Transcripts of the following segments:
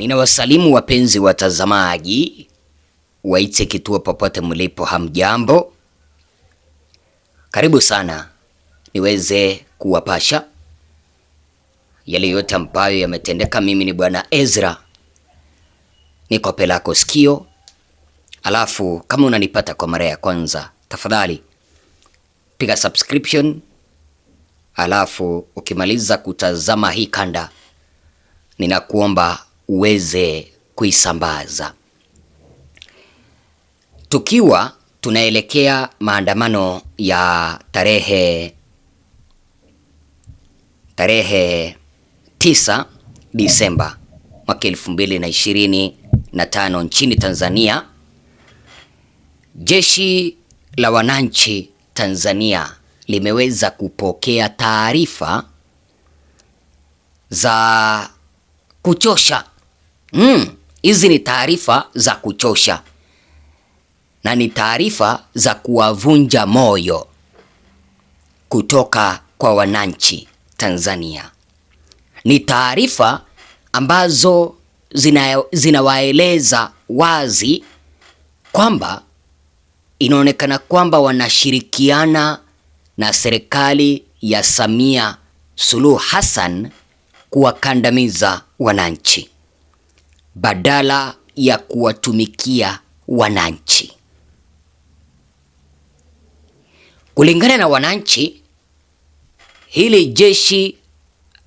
Ninawasalimu wapenzi watazamaji, waite kituo popote mlipo, hamjambo? Karibu sana niweze kuwapasha yale yote ambayo yametendeka. Mimi ni bwana Ezra, niko pelako sikio. Alafu kama unanipata kwa mara ya kwanza, tafadhali piga subscription, alafu ukimaliza kutazama hii kanda, ninakuomba uweze kuisambaza. Tukiwa tunaelekea maandamano ya tarehe tarehe 9 Disemba mwaka tano nchini Tanzania, Jeshi la Wananchi Tanzania limeweza kupokea taarifa za kuchosha Hmm, hizi mm, ni taarifa za kuchosha na ni taarifa za kuwavunja moyo kutoka kwa wananchi Tanzania. Ni taarifa ambazo zina zinawaeleza wazi kwamba inaonekana kwamba wanashirikiana na serikali ya Samia Suluhu Hassan kuwakandamiza wananchi badala ya kuwatumikia wananchi. Kulingana na wananchi, hili jeshi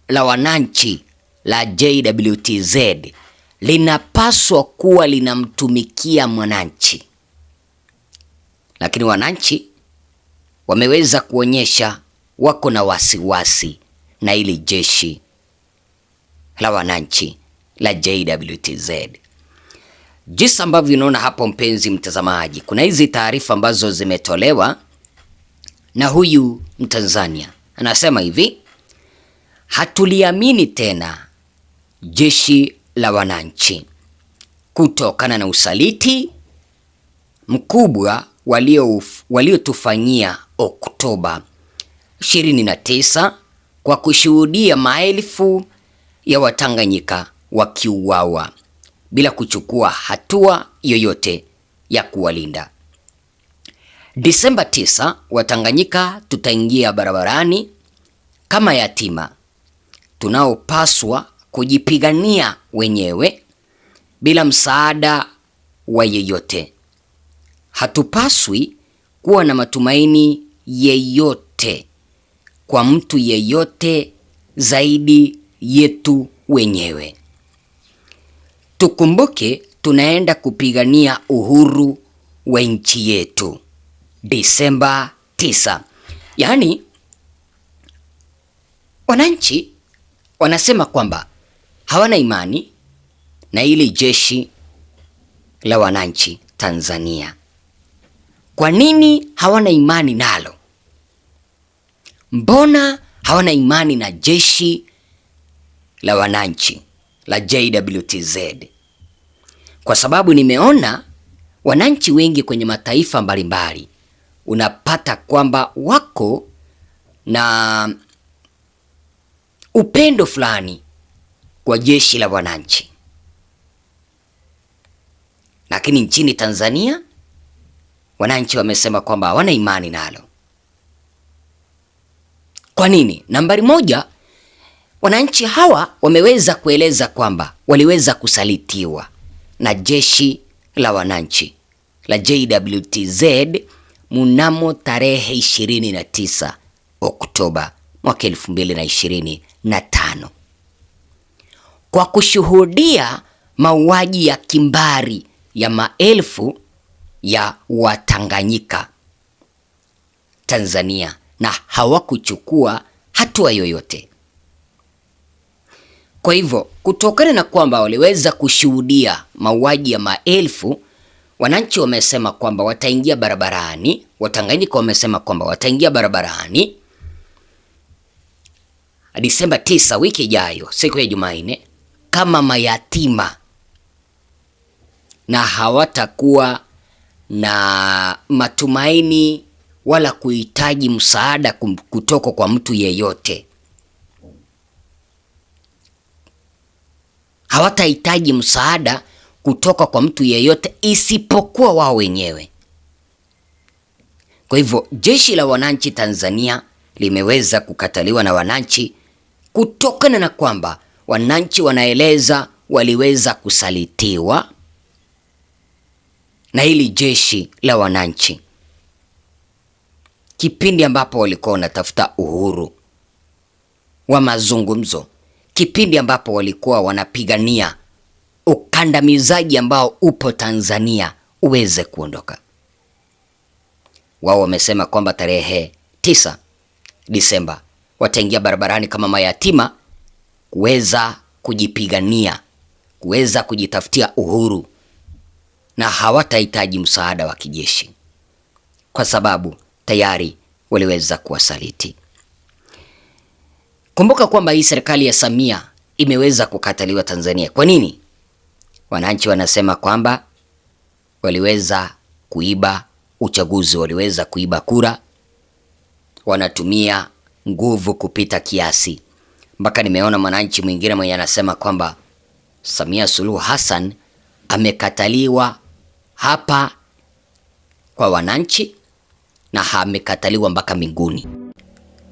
la wananchi la JWTZ linapaswa kuwa linamtumikia mwananchi, lakini wananchi wameweza kuonyesha wako na wasiwasi na hili jeshi la wananchi la JWTZ. Jinsi ambavyo unaona hapo, mpenzi mtazamaji, kuna hizi taarifa ambazo zimetolewa na huyu Mtanzania anasema hivi: hatuliamini tena jeshi la wananchi kutokana na usaliti mkubwa waliotufanyia walio Oktoba 29 kwa kushuhudia maelfu ya Watanganyika wakiuawa bila kuchukua hatua yoyote ya kuwalinda. Disemba 9 Watanganyika tutaingia barabarani kama yatima tunaopaswa kujipigania wenyewe bila msaada wa yeyote. Hatupaswi kuwa na matumaini yeyote kwa mtu yeyote zaidi yetu wenyewe. Tukumbuke tunaenda kupigania uhuru wa nchi yetu Disemba 9. Yaani wananchi wanasema kwamba hawana imani na ile jeshi la wananchi Tanzania. Kwa nini hawana imani nalo? Mbona hawana imani na jeshi la wananchi la JWTZ? kwa sababu nimeona wananchi wengi kwenye mataifa mbalimbali unapata kwamba wako na upendo fulani kwa jeshi la wananchi, lakini nchini Tanzania wananchi wamesema kwamba hawana imani nalo. Kwa nini? Nambari moja, wananchi hawa wameweza kueleza kwamba waliweza kusalitiwa na jeshi la wananchi la JWTZ mnamo tarehe 29 Oktoba mwaka 2025 kwa kushuhudia mauaji ya kimbari ya maelfu ya Watanganyika Tanzania na hawakuchukua hatua yoyote. Kwa hivyo kutokana na kwamba waliweza kushuhudia mauaji ya maelfu, wananchi wamesema kwamba wataingia barabarani, Watanganyika wamesema kwamba wataingia barabarani Disemba tisa wiki ijayo, siku ya Jumanne, kama mayatima na hawatakuwa na matumaini wala kuhitaji msaada kutoka kwa mtu yeyote. hawatahitaji msaada kutoka kwa mtu yeyote isipokuwa wao wenyewe. Kwa hivyo Jeshi la Wananchi Tanzania limeweza kukataliwa na wananchi kutokana na kwamba wananchi wanaeleza waliweza kusalitiwa na hili Jeshi la Wananchi kipindi ambapo walikuwa wanatafuta uhuru wa mazungumzo kipindi ambapo walikuwa wanapigania ukandamizaji ambao upo Tanzania uweze kuondoka. Wao wamesema kwamba tarehe tisa Disemba wataingia barabarani kama mayatima kuweza kujipigania, kuweza kujitafutia uhuru, na hawatahitaji msaada wa kijeshi kwa sababu tayari waliweza kuwasaliti. Kumbuka kwamba hii serikali ya Samia imeweza kukataliwa Tanzania. Kwa nini? Wananchi wanasema kwamba waliweza kuiba uchaguzi, waliweza kuiba kura, wanatumia nguvu kupita kiasi. Mpaka nimeona mwananchi mwingine mwenye anasema kwamba Samia Suluhu Hassan amekataliwa hapa kwa wananchi na amekataliwa mpaka mbinguni.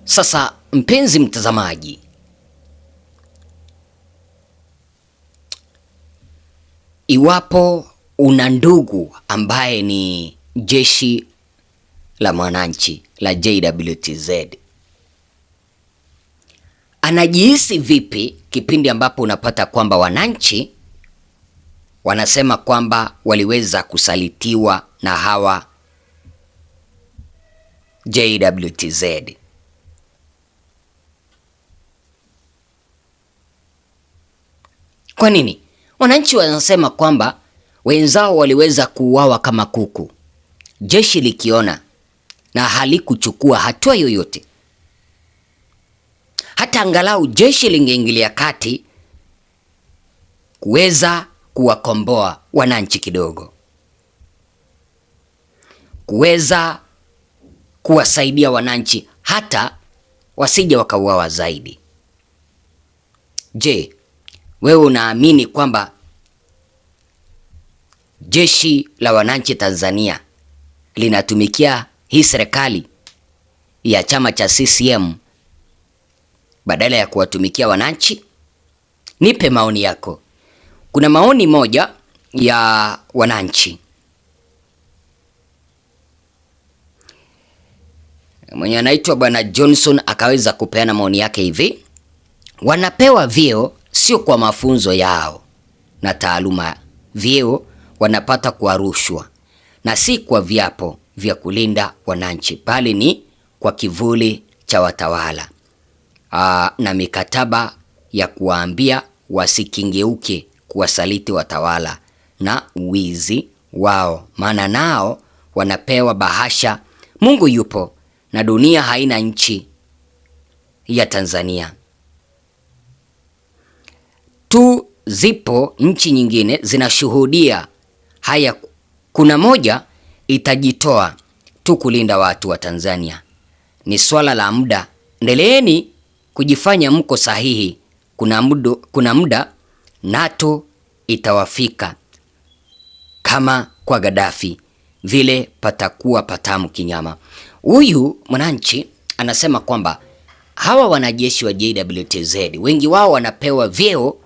Sasa mpenzi mtazamaji, iwapo una ndugu ambaye ni jeshi la mwananchi la JWTZ, anajihisi vipi kipindi ambapo unapata kwamba wananchi wanasema kwamba waliweza kusalitiwa na hawa JWTZ? Kwa nini? Wananchi wanasema kwamba wenzao waliweza kuuawa kama kuku. Jeshi likiona na halikuchukua hatua yoyote, hata angalau jeshi lingeingilia kati kuweza kuwakomboa wananchi kidogo, kuweza kuwasaidia wananchi hata wasije wakauawa zaidi. Je, wewe unaamini kwamba jeshi la wananchi Tanzania linatumikia hii serikali ya chama cha CCM badala ya kuwatumikia wananchi? Nipe maoni yako. Kuna maoni moja ya wananchi mwenye anaitwa Bwana Johnson akaweza kupeana maoni yake hivi: wanapewa vyeo sio kwa mafunzo yao na taaluma, vyeo wanapata kwa rushwa na si kwa viapo vya kulinda wananchi, bali ni kwa kivuli cha watawala aa, na mikataba ya kuwaambia wasikingeuke kuwasaliti watawala na uwizi wao, maana nao wanapewa bahasha. Mungu yupo na dunia haina nchi ya Tanzania tu zipo nchi nyingine zinashuhudia haya. Kuna moja itajitoa tu kulinda watu wa Tanzania. Ni swala la muda. Endeleeni kujifanya mko sahihi. Kuna muda, kuna muda NATO itawafika kama kwa Gaddafi vile, patakuwa patamu kinyama. Huyu mwananchi anasema kwamba hawa wanajeshi wa JWTZ wengi wao wanapewa vyeo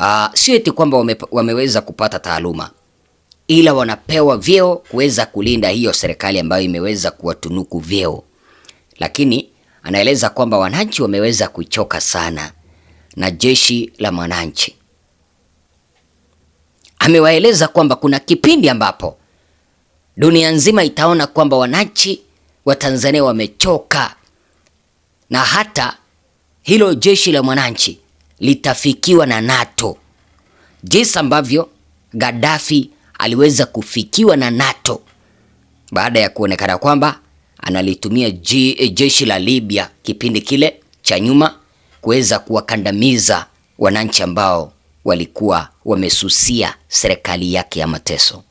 Ah, sio eti kwamba wame, wameweza kupata taaluma ila wanapewa vyeo kuweza kulinda hiyo serikali ambayo imeweza kuwatunuku vyeo. Lakini anaeleza kwamba wananchi wameweza kuchoka sana na jeshi la mwananchi. Amewaeleza kwamba kuna kipindi ambapo dunia nzima itaona kwamba wananchi wa Tanzania wamechoka na hata hilo jeshi la mwananchi litafikiwa na NATO. Jinsi ambavyo Gaddafi aliweza kufikiwa na NATO baada ya kuonekana kwamba analitumia e, jeshi la Libya kipindi kile cha nyuma kuweza kuwakandamiza wananchi ambao walikuwa wamesusia serikali yake ya mateso.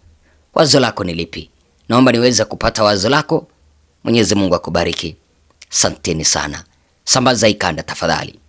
Wazo lako ni lipi? Naomba niweze kupata wazo lako. Mwenyezi Mungu akubariki. Santeni sana. Sambaza ikanda tafadhali.